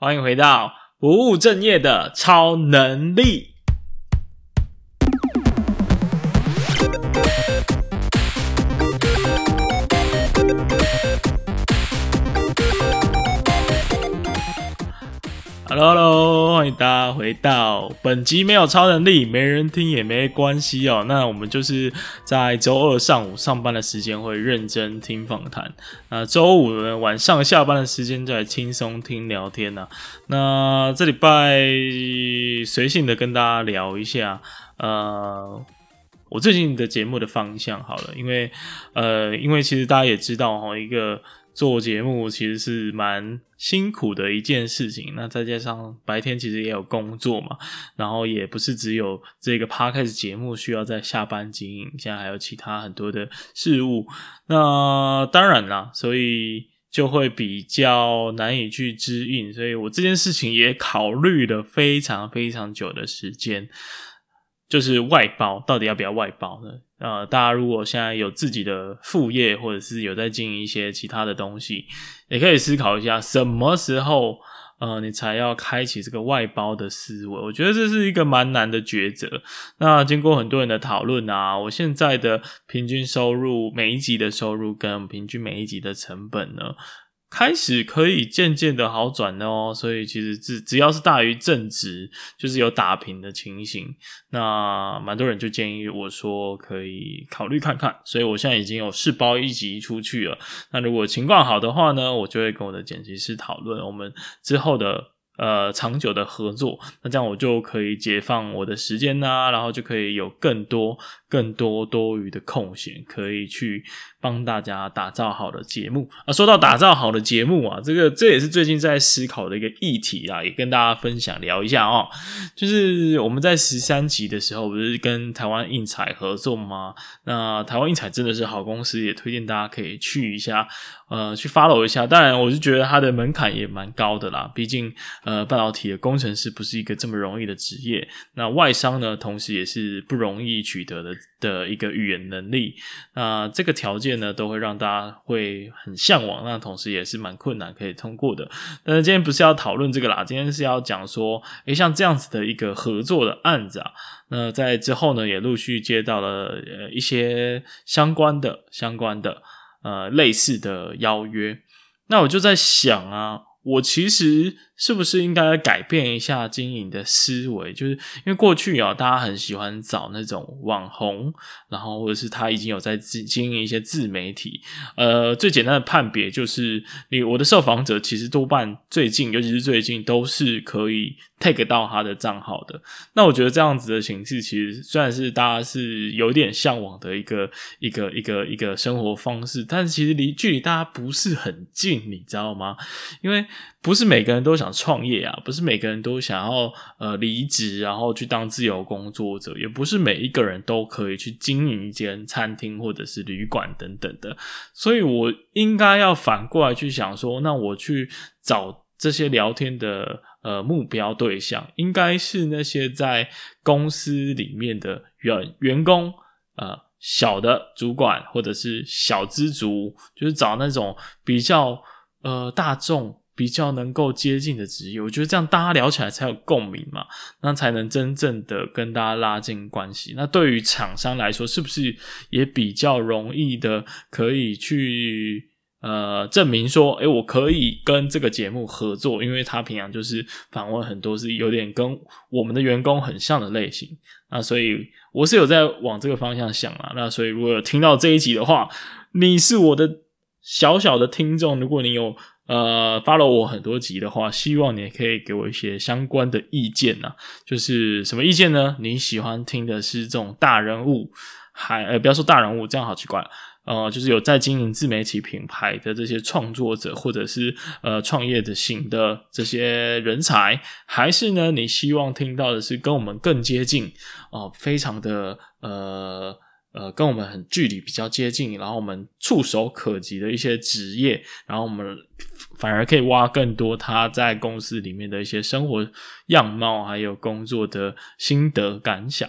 歡迎回到不務正業的超能力。哈嘍哈嘍，hello, hello, 歡迎大家回到本集沒有超能力，沒人聽也沒關係哦、喔。那我們就是在周二上午上班的時間會認真聽訪談，那周五呢晚上下班的時間再輕鬆聽聊天呢、啊。那這禮拜隨性的跟大家聊一下，呃，我最近的節目的方向好了，因為呃，因為其實大家也知道哈、喔，一個。做節目其實是蠻辛苦的一件事情，那再加上白天其實也有工作嘛，然後也不是只有這個 Podcast 節目需要在下班經營，現在還有其他很多的事物，那當然啦，所以就會比較難以去支應，所以我這件事情也考慮了非常非常久的時間。就是外包到底要不要外包呢？呃，大家如果現在有自己的副業，或者是有在經營一些其他的東西，也可以思考一下什麼時候，呃，你才要開啟這個外包的思維。我覺得這是一個蠻難的抉擇。那經過很多人的討論啊，我現在的平均收入，每一集的收入跟平均每一集的成本呢？開始可以漸漸的好轉的哦，所以其實只只要是大於正值，就是有打平的情形，那蠻多人就建議我說可以考慮看看，所以我現在已經有試包一集出去了，那如果情況好的話呢，我就會跟我的剪輯師討論我們之後的。呃，長久的合作，那這樣我就可以解放我的時間吶、啊，然後就可以有更多、更多多餘的空閒，可以去幫大家打造好的節目啊、呃。說到打造好的節目啊，這個這也是最近在思考的一個議題啊，也跟大家分享聊一下哦、喔。就是我們在十三集的時候，不是跟台灣映彩合作嗎？那台灣映彩真的是好公司，也推薦大家可以去一下，呃，去 follow 一下。當然，我是覺得它的門檻也蠻高的啦，畢竟。呃呃，半導體的工程師不是一個這麼容易的職業。那外商呢，同時也是不容易取得的的一個語言能力。那這個條件呢，都會讓大家會很嚮往。那同時也是蠻困難可以通過的。但是今天不是要討論這個啦，今天是要講說，誒，像這樣子的一個合作的案子啊。那在之後呢，也陸續接到了呃一些相關的、相關的呃類似的邀約。那我就在想啊。我其實是不是應該改變一下經營的思維？就是因為過去啊，大家很喜歡找那種網紅，然後或者是他已經有在自經營一些自媒體。呃，最簡單的判別就是，你我的受訪者其實多半最近，尤其是最近，都是可以 take 到他的賬號的。那我覺得這樣子的形式，其實雖然是大家是有點向往的一個一個一個一個生活方式，但是其實離距離大家不是很近，你知道嗎？因為不是每個人都想創業啊，不是每個人都想要呃離職，然後去當自由工作者，也不是每一個人都可以去經營一間餐廳或者是旅館等等的。所以我應該要反過來去想說，那我去找這些聊天的呃目標對象，應該是那些在公司裡面的員員工，呃小的主管或者是小資族，就是找那種比較呃大眾。比較能夠接近的職業，我覺得這樣大家聊起來才有共鳴嘛，那才能真正的跟大家拉近關係。那對於廠商來說，是不是也比較容易的可以去呃證明說，誒、欸、我可以跟這個節目合作，因為他平常就是訪問很多是有點跟我們的員工很像的類型。那所以我是有在往這個方向想啊。那所以如果有聽到這一集的話，你是我的。小小的聽眾，如果你有呃 follow 我很多集的話，希望你也可以給我一些相關的意見吶、啊。就是什麼意見呢？你喜歡聽的是這種大人物，還呃不要說大人物，這樣好奇怪。呃，就是有在經營自媒體品牌的這些創作者，或者是呃創業的型的這些人才，還是呢？你希望聽到的是跟我們更接近哦、呃，非常的呃。呃，跟我們很距離比較接近，然後我們觸手可及的一些職業，然後我們反而可以挖更多他在公司裡面的一些生活樣貌，還有工作的心得感想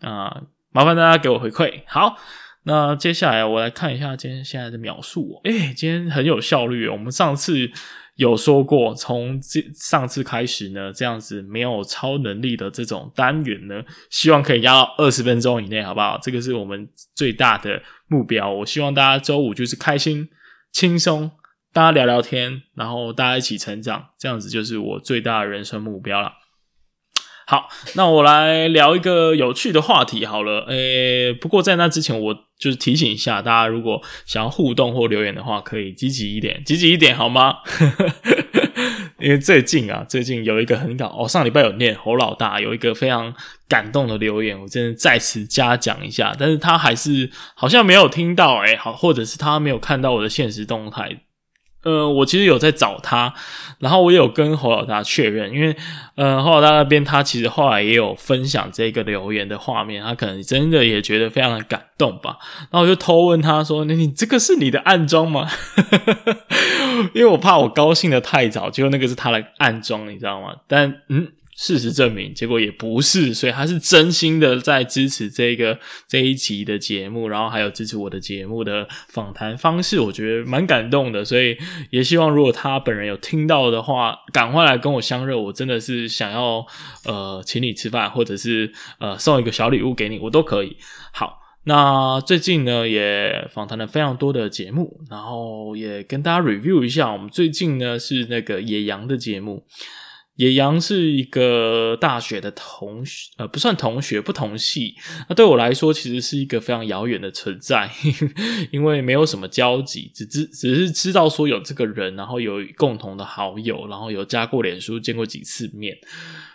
啊、呃。麻煩大家給我回饋。好，那接下來我來看一下今天現在的描述、喔。哎、欸，今天很有效率哦。我們上次。有說過，從這上次開始呢，這樣子沒有超能力的這種單元呢，希望可以壓到二十分鐘以內，好不好？這個是我們最大的目標。我希望大家週五就是開心、輕鬆，大家聊聊天，然後大家一起成長，這樣子就是我最大的人生目標了。好，那我來聊一個有趣的話題好了。誒、欸，不過在那之前我。就是提醒一下大家，如果想要互動或留言的話，可以積極一點，積極一點好嗎？呵呵呵。因為最近啊，最近有一個很搞哦，上禮拜有念侯老大有一個非常感動的留言，我真的再次嘉獎一下。但是他還是好像沒有聽到哎、欸，好，或者是他沒有看到我的限時動態。呃，我其實有在找他，然後我也有跟侯老大確認，因為呃，侯老大那邊他其實後來也有分享這個留言的畫面，他可能真的也覺得非常的感動吧。然後我就偷問他說：“你，你這個是你的暗裝嗎？” 因為我怕我高興得太早，結果那個是他的暗裝，你知道嗎？但嗯。事實證明，結果也不是，所以他是真心的在支持這個這一集的節目，然後還有支持我的節目的訪談方式，我覺得蠻感動的。所以也希望，如果他本人有聽到的話，趕快來跟我相認，我真的是想要呃請你吃飯，或者是呃送一個小禮物給你，我都可以。好，那最近呢也訪談了非常多的節目，然後也跟大家 review 一下，我們最近呢是那個野羊的節目。野羊是一個大學的同學，呃，不算同學，不同系。那對我來說，其實是一個非常遙遠的存在，因為沒有什麼交集，只知只是知道說有這個人，然後有共同的好友，然後有加過臉書，見過幾次面。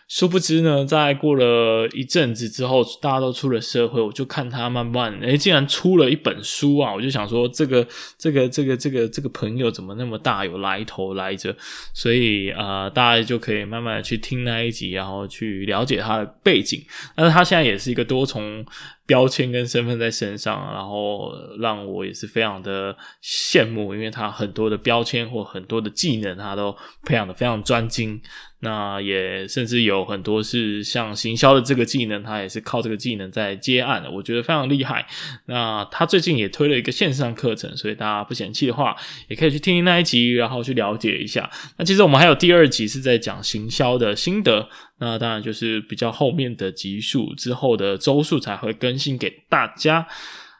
殊不知呢，在過了一陣子之後，大家都出了社會，我就看他慢慢，哎、欸，竟然出了一本書啊！我就想說，這個、這個、這個、這個、這個朋友怎麼那麼大有來頭來着？所以啊、呃，大家就可以慢慢的去聽那一集，然後去了解他的背景。但是，他現在也是一個多重。標籤跟身份在身上，然後讓我也是非常的羨慕，因為他很多的標籤或很多的技能，他都培養得非常專精。那也甚至有很多是像行銷的這個技能，他也是靠這個技能在接案的，我覺得非常厲害。那他最近也推了一個線上課程，所以大家不嫌棄的話，也可以去聽聽那一集，然後去了解一下。那其實我們還有第二集是在講行銷的心得。那當然就是比較後面的集數之後的週數才會更新給大家。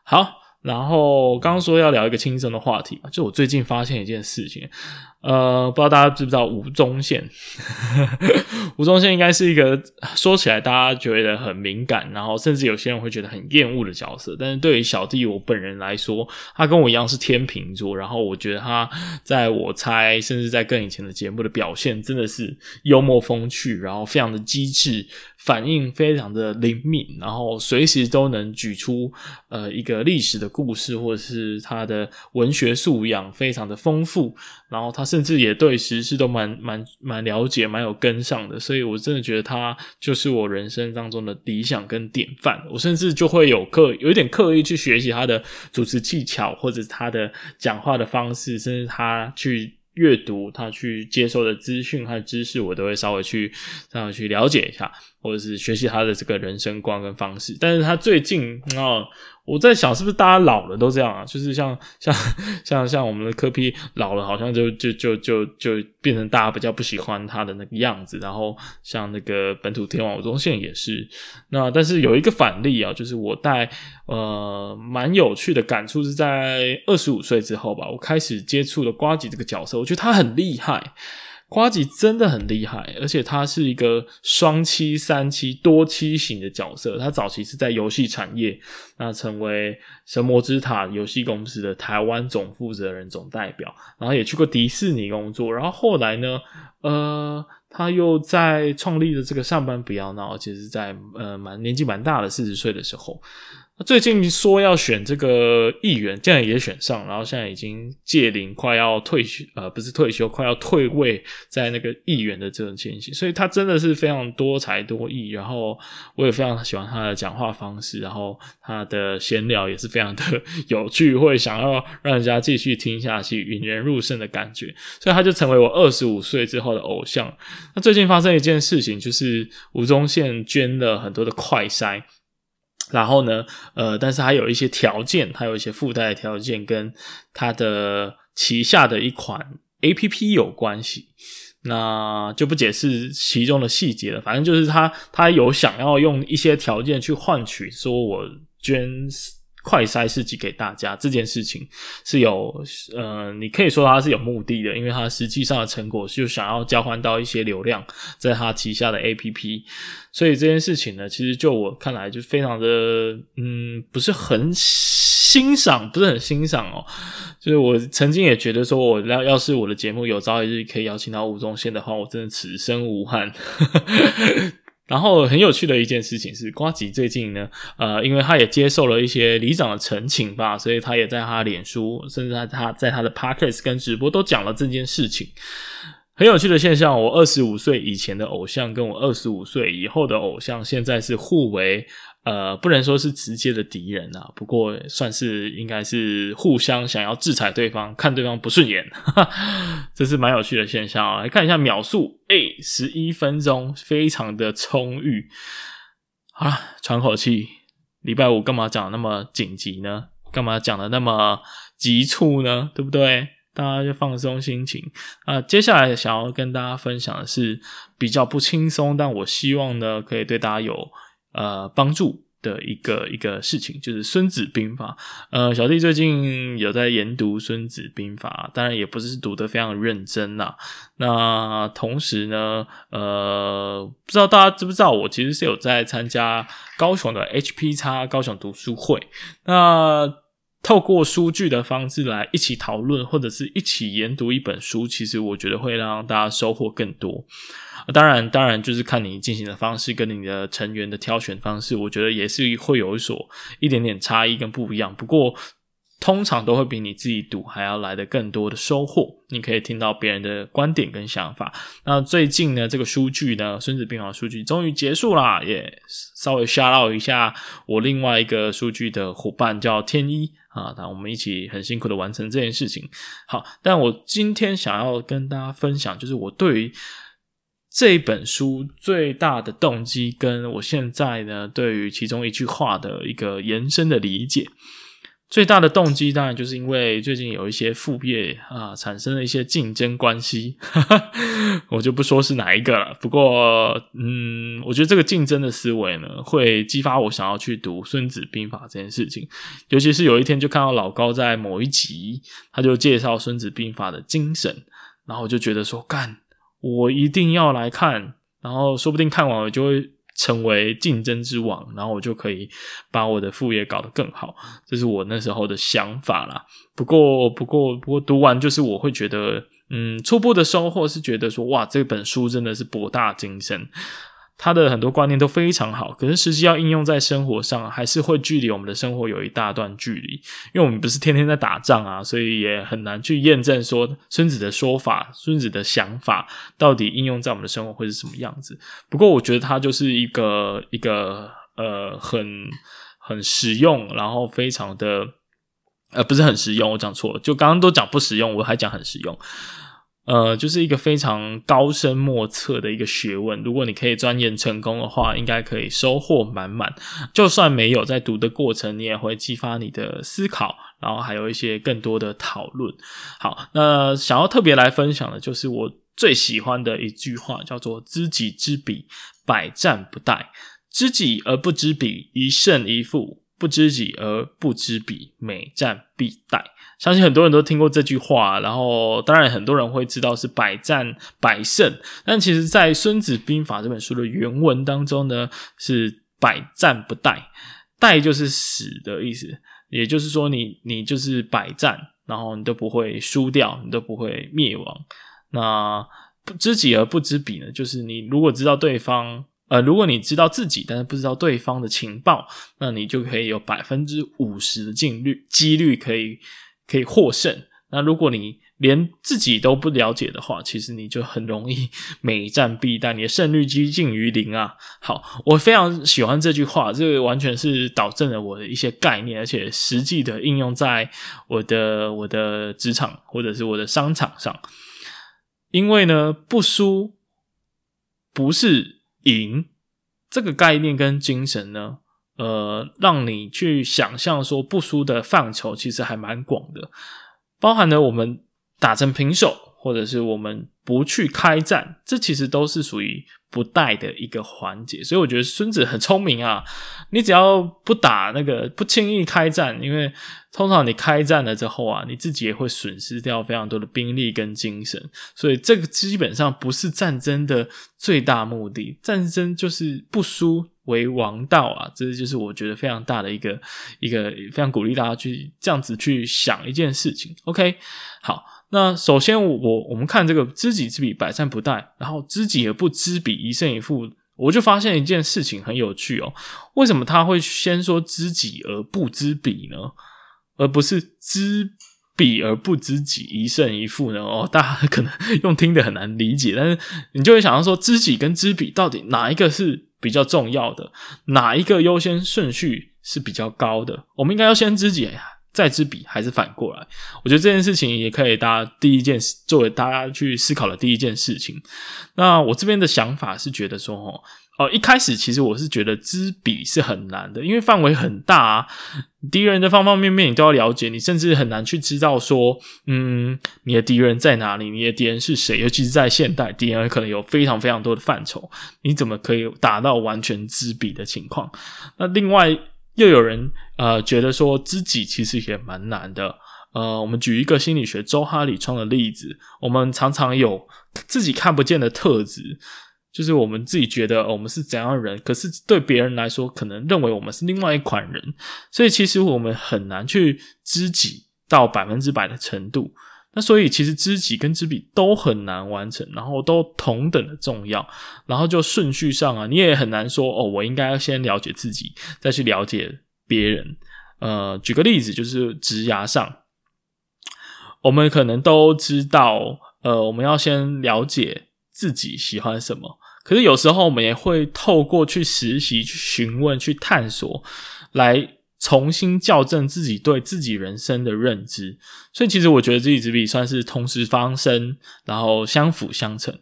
好，然後剛說要聊一個輕鬆的話題，就我最近發現一件事情。呃，不知道大家知不知道吳宗憲？吳宗憲應該是一個說起來大家覺得很敏感，然後甚至有些人會覺得很厭惡的角色。但是，對於小弟我本人來說，他跟我一樣是天秤座，然後我覺得他在我猜，甚至在更以前的節目的表現，真的是幽默風趣，然後非常的機智，反應非常的靈敏，然後隨時都能舉出呃一個歷史的故事，或者是他的文學素養非常的豐富。然後他甚至也對時事都蠻蠻蠻了解，蠻有跟上的，所以我真的覺得他就是我人生當中的理想跟典範。我甚至就會有刻，有一點刻意去學習他的主持技巧，或者他的講話的方式，甚至他去閱讀、他去接受的資訊和知識，我都會稍微去稍微去了解一下，或者是學習他的這個人生觀跟方式。但是他最近哦。呃我在想，是不是大家老了都這樣啊？就是像像像像我們的柯 P 老了，好像就就就就就，就變成大家比較不喜歡他的那個樣子。然後像那個本土天王吳宗憲也是。那但是有一個反例啊，就是我帶呃蠻有趣的感觸是在二十五歲之後吧，我開始接觸了呱吉這個角色，我覺得他很厲害。呱吉真的很厲害，而且他是一個雙棲三棲多棲型的角色。他早期是在遊戲產業，那成為神魔之塔遊戲公司的台灣總負責人、總代表，然後也去過迪士尼工作。然後後來呢，呃，他又在創立了這個上班不要鬧，其實，在呃蠻年紀蠻大的四十歲的時候。最近說要選這個議員，竟然也選上，然後現在已經屆齡，快要退休，呃，不是退休，快要退位，在那個議員的這種情形。所以他真的是非常多才多藝，然後我也非常喜歡他的講話方式，然後他的閒聊也是非常的有趣，會想要讓人家繼續聽下去，引人入勝的感覺，所以他就成為我二十五歲之後的偶像。那最近發生一件事情，就是吳宗憲捐了很多的快篩。然後呢，呃，但是還有一些條件，還有一些附帶條件，跟他的旗下的一款 APP 有關係，那就不解釋其中的細節了。反正就是他他有想要用一些條件去換取，說我捐。快篩是寄給大家，這件事情是有，呃，你可以說它是有目的的，因為它實際上的成果是想要交換到一些流量，在它旗下的 APP，所以這件事情呢，其實就我看來就非常的，嗯，不是很欣賞，不是很欣賞哦。就是我曾經也覺得說，我要要是我的節目有朝一日可以邀請到吳宗憲的話，我真的此生無憾。 然後很有趣的一件事情是，呱吉最近呢，呃，因為他也接受了一些里長的陳情吧，所以他也在他臉書，甚至他他在他的 Podcast 跟直播都講了這件事情。很有趣的現象，我二十五歲以前的偶像跟我二十五歲以後的偶像，現在是互為。呃，不能說是直接的敵人啊，不過算是應該是互相想要制裁對方，看對方不順眼，哈哈，這是蠻有趣的現象啊。來看一下秒數，誒，十一分鐘，非常的充裕。好、啊、喘口氣。禮拜五幹嘛講那麼緊急呢？幹嘛講的那麼急促呢？對不對？大家就放鬆心情。啊、呃，接下來想要跟大家分享的是比較不輕鬆，但我希望呢，可以對大家有。呃，幫助的一個一個事情，就是《孫子兵法》。呃，小弟最近有在研讀《孫子兵法》，當然也不是讀得非常認真吶、啊。那同時呢，呃，不知道大家知不知道我，我其實是有在參加高雄的 HPX 高雄讀書會。那透過數據的方式來一起討論，或者是一起研讀一本書，其實我覺得會讓大家收穫更多。當然，當然就是看你進行的方式跟你的成員的挑選方式，我覺得也是會有所一點點差異跟不一樣。不過，通常都會比你自己讀還要來的更多的收穫，你可以聽到別人的觀點跟想法。那最近呢，這個數據呢，《孫子兵法》數據終於結束啦，也、yeah, 稍微 shout out 一下我另外一個數據的夥伴叫天一啊，那我們一起很辛苦的完成這件事情。好，但我今天想要跟大家分享，就是我對於這本書最大的動機，跟我現在呢對於其中一句話的一個延伸的理解。最大的動機當然就是因為最近有一些副業啊，產生了一些競爭關係，哈哈，我就不說是哪一個了。不過，嗯，我覺得這個競爭的思維呢，會激發我想要去讀《孫子兵法》這件事情。尤其是有一天就看到老高在某一集，他就介紹《孫子兵法》的精神，然後我就覺得說，幹，我一定要來看。然後說不定看完我就會。成為競爭之王，然後我就可以把我的副業搞得更好，這是我那時候的想法啦。不過，不過，不過讀完就是我會覺得，嗯，初步的收穫是覺得說，哇，這本書真的是博大精深。他的很多觀念都非常好，可是實際要應用在生活上，還是會距離我們的生活有一大段距離。因為我們不是天天在打仗啊，所以也很難去驗證說孫子的說法、孫子的想法到底應用在我們的生活會是什麼樣子。不過，我覺得他就是一個一個呃，很很實用，然後非常的呃，不是很實用。我講錯了，就剛剛都講不實用，我還講很實用。呃，就是一個非常高深莫測的一個學問。如果你可以鑽研成功的話，應該可以收穫滿滿。就算沒有在讀的過程，你也會激發你的思考，然後還有一些更多的討論。好，那想要特別來分享的，就是我最喜歡的一句話，叫做“知己知彼，百戰不殆；知己而不知彼，一勝一負。”不知己而不知彼，每戰必殆。相信很多人都聽過這句話，然後當然很多人會知道是百戰百勝，但其實在《孫子兵法》這本書的原文當中呢，是百戰不殆，殆就是死的意思，也就是說你你就是百戰，然後你都不會輸掉，你都不會滅亡。那不知己而不知彼呢？就是你如果知道對方。呃，如果你知道自己，但是不知道對方的情報，那你就可以有百分之五十的進率，幾率可以可以獲勝。那如果你連自己都不了解的話，其實你就很容易每戰必敗，你的勝率接近於零啊。好，我非常喜歡這句話，這個完全是導正了我的一些概念，而且實際的應用在我的我的職場或者是我的商場上。因為呢，不輸不是贏這個概念跟精神呢，呃，讓你去想象說不輸的範疇其實還蠻廣的，包含了我們打成平手，或者是我們不去開戰，這其實都是屬於不怠的一個環節。所以我覺得孫子很聰明啊，你只要不打那個不輕易開戰，因為通常你開戰了之後啊，你自己也會損失掉非常多的兵力跟精神。所以這個基本上不是戰爭的最大目的，戰爭就是不輸為王道啊。這就是我覺得非常大的一個一個非常鼓勵大家去這樣子去想一件事情。OK，好。那首先我，我我我們看這個“知己知彼，百戰不殆”，然後“知己而不知彼，一勝一負”。我就發現一件事情很有趣哦，為什麼他會先說“知己而不知彼”呢，而不是“知彼而不知己，一勝一負”呢？哦，大家可能用聽的很難理解，但是你就會想到說，知己跟知彼到底哪一個是比較重要的，哪一個優先順序是比較高的？我們應該要先知己呀。再知彼還是反過來？我覺得這件事情也可以，大家第一件事作為大家去思考的第一件事情。那我這邊的想法是覺得說，哦、呃，一開始其實我是覺得知彼是很難的，因為範圍很大，啊，敵人的方方面面你都要了解，你甚至很難去知道說，嗯，你的敵人在哪裡，你的敵人是誰。尤其是在現代，敵人可能有非常非常多的範疇，你怎麼可以達到完全知彼的情況？那另外。又有人呃覺得說，知己其實也蠻難的，呃，我們舉一個心理學周哈里窗的例子，我們常常有自己看不見的特質，就是我們自己覺得，呃，我們是怎樣的人，可是對別人來說，可能認為我們是另外一款人，所以其實我們很難去知己到百分之百的程度。那所以，其實知己跟知彼都很難完成，然後都同等的重要，然後就順序上啊，你也很難說哦，我應該要先了解自己，再去了解別人。呃，舉個例子，就是職涯上，我們可能都知道，呃，我們要先了解自己喜歡什麼，可是有時候我們也會透過去實習、去詢問、去探索來。重新校正自己對自己人生的認知，所以其實我覺得知己知彼算是同時發生，然後相輔相成。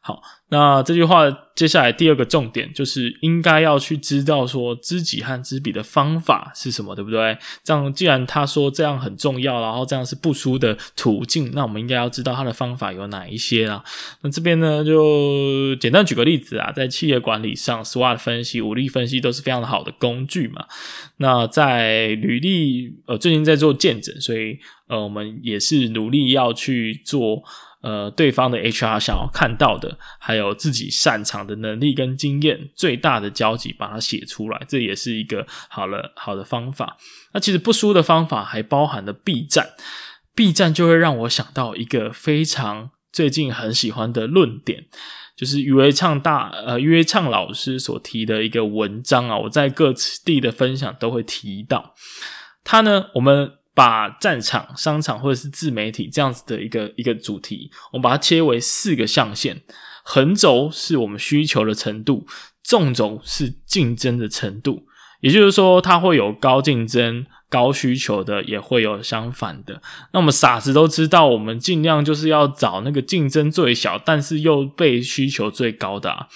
好，那這句話接下來第二個重點就是應該要去知道說知己和知彼的方法是什麼，對不對？這樣既然他說這樣很重要，然後這樣是不輸的途徑，那我們應該要知道他的方法有哪一些啊？那這邊呢，就簡單舉個例子啊，在企業管理上，SWOT 分析、五力分析都是非常的好的工具嘛。那在履歷，呃，最近在做健診，所以呃，我們也是努力要去做。呃，對方的 HR 想要看到的，還有自己擅長的能力跟經驗最大的交集，把它寫出來，這也是一個好了好的方法。那其實不輸的方法還包含了 B 站，B 站就會讓我想到一個非常最近很喜歡的論點，就是於為暢大，呃，於為暢老師所提的一個文章啊，我在各地的分享都會提到他呢，我們。把戰場、商場或者是自媒體這樣子的一個一個主題，我們把它切為四個象限，橫軸是我們需求的程度，縱軸是競爭的程度。也就是說，它會有高競爭、高需求的，也會有相反的。那麼傻子都知道，我們尽量就是要找那個競爭最小，但是又被需求最高的啊。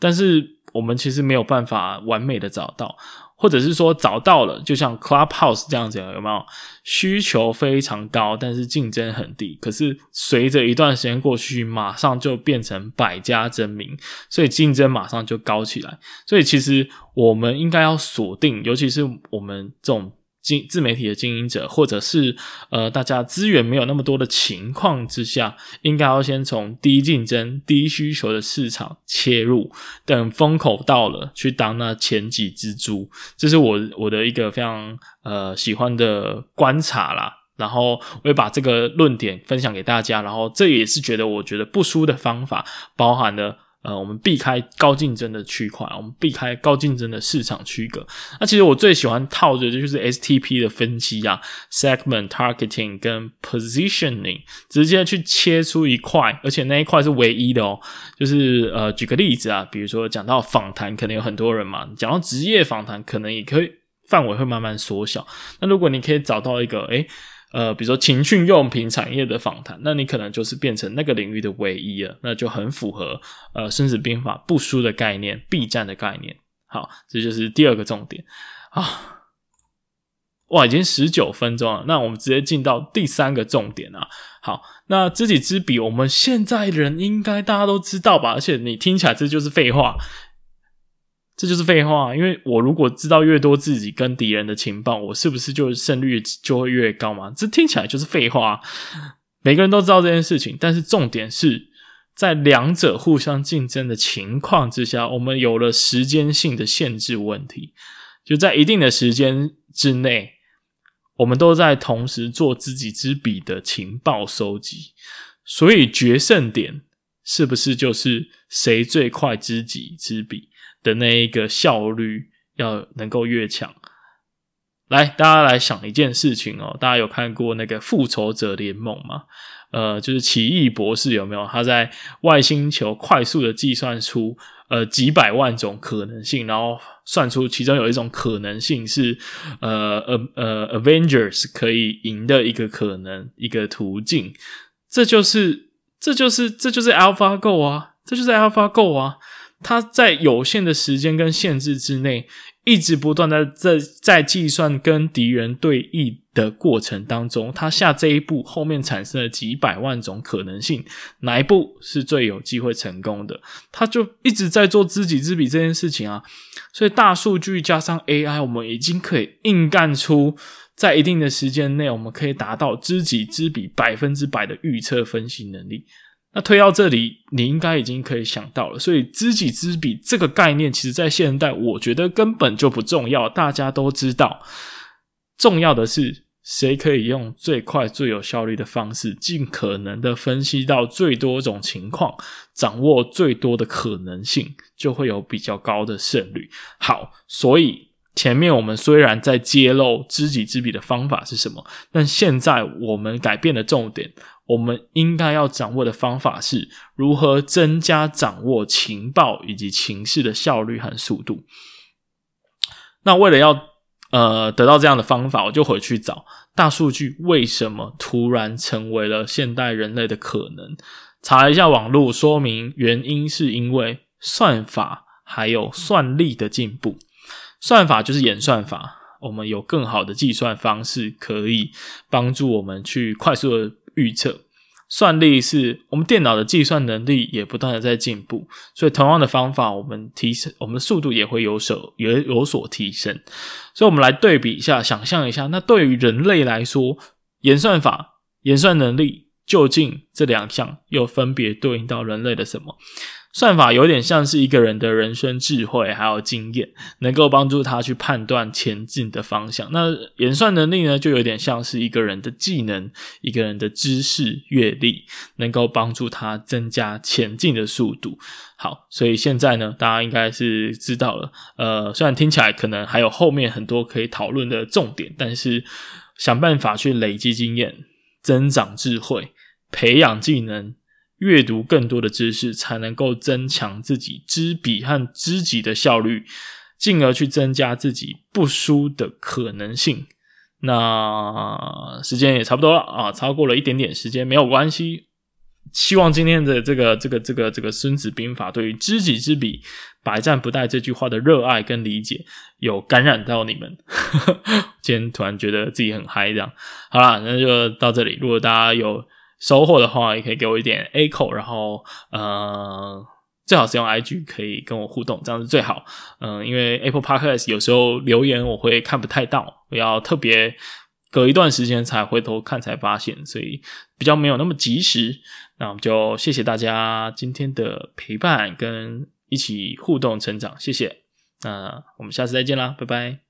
但是我們其實沒有辦法完美的找到。或者是說找到了，就像 Clubhouse 這樣子，有沒有需求非常高，但是競爭很低？可是隨着一段時間過去，馬上就變成百家爭鳴，所以競爭馬上就高起來。所以其實我們應該要鎖定，尤其是我們這種。自自媒體的經營者，或者是呃大家資源沒有那麼多的情況之下，應該要先從低競爭、低需求的市場切入，等風口到了，去當那前幾隻豬。這是我我的一個非常呃喜歡的觀察啦。然後我也把這個論點分享給大家，然後這也是覺得我覺得不輸的方法，包含了。呃，我們避開高競爭的區塊，我們避開高競爭的市場區隔。那其實我最喜歡套的，就是 STP 的分析啊，Segment、Se Targeting 跟 Positioning，直接去切出一塊，而且那一塊是唯一的哦。就是呃，舉個例子啊，比如說講到訪談，可能有很多人嘛，講到職業訪談，可能也可以範圍會慢慢縮小。那如果你可以找到一個，誒、欸呃，比如說情趣用品產業的訪談，那你可能就是變成那個領域的唯一了，那就很符合呃《孫子兵法》不輸的概念、避戰的概念。好，這就是第二個重點啊！哇，已經十九分鐘了，那我們直接進到第三個重點啊！好，那知己知彼，我們現在人應該大家都知道吧？而且你聽起來這就是廢話。這就是廢話，因為我如果知道越多自己跟敵人的情報，我是不是就勝率就會越高嘛？這聽起來就是廢話，每個人都知道這件事情。但是重點是在兩者互相競爭的情況之下，我們有了時間性的限制問題，就在一定的時間之內，我們都在同時做知己知彼的情報收集，所以決勝點是不是就是誰最快知己知彼？的那一個效率要能夠越強，來，大家來想一件事情哦。大家有看過那個復仇者聯盟嗎？呃，就是奇異博士有沒有，他在外星球快速的計算出呃幾百萬種可能性，然後算出其中有一種可能性是呃呃呃 Avengers 可以贏的一個可能一個途徑。這就是這就是這就是 AlphaGo 啊，這就是 AlphaGo 啊。他在有限的時間跟限制之內，一直不斷的在在計算跟敵人對弈的過程當中，他下這一步後面產生了幾百萬種可能性，哪一步是最有機會成功的？他就一直在做知己知彼這件事情啊。所以大數據加上 AI，我們已經可以硬幹出在一定的時間內，我們可以達到知己知彼百分之百的預測分析能力。那推到這裡，你應該已經可以想到了。所以“知己知彼”這個概念，其實在現代，我覺得根本就不重要。大家都知道，重要的是誰可以用最快、最有效率的方式，盡可能的分析到最多種情況，掌握最多的可能性，就會有比較高的勝率。好，所以前面我們雖然在揭露“知己知彼”的方法是什麼，但現在我們改變的重點。我們應該要掌握的方法是如何增加掌握情報以及情勢的效率和速度。那為了要呃得到這樣的方法，我就回去找大數據為什麼突然成為了現代人類的可能。查一下網絡，說明原因是因為算法還有算力的進步。算法就是演算法，我們有更好的計算方式，可以幫助我們去快速的。預測。算力，是我們電腦的計算能力也不斷的在進步，所以同樣的方法，我們提升我們的速度也會有所，也有所提升。所以，我們來對比一下，想象一下，那對於人類來說，演算法、演算能力，究竟這兩項又分別對應到人類的什麼？算法有點像是一個人的人生智慧還有經驗，能夠幫助他去判斷前進的方向。那演算能力呢，就有點像是一個人的技能、一個人的知識閱歷，能夠幫助他增加前進的速度。好，所以現在呢，大家應該是知道了，呃，雖然聽起來可能還有後面很多可以討論的重點，但是想辦法去累積經驗、增長智慧、培養技能，閱讀更多的知識，才能夠增強自己知彼和知己的效率，進而去增加自己不輸的可能性。那時間也差不多了啊，超過了一點點時間沒有關係。希望今天的這個這個這個這個《孫子兵法》對於知己知彼，百戰不殆這句話的熱愛跟理解，有感染到你們。 今天突然覺得自己很嗨，這樣好了，那就到這裡。如果大家有。收穫的話，也可以給我一點 Echo，然後呃，最好是用 IG 可以跟我互動，這樣是最好。嗯、呃，因為 Apple Podcast 有時候留言我會看不太到，我要特別隔一段時間才回頭看才發現，所以比較沒有那麼及時。那我們就謝謝大家今天的陪伴跟一起互動成長，謝謝。那、呃、我們下次再見啦，拜拜。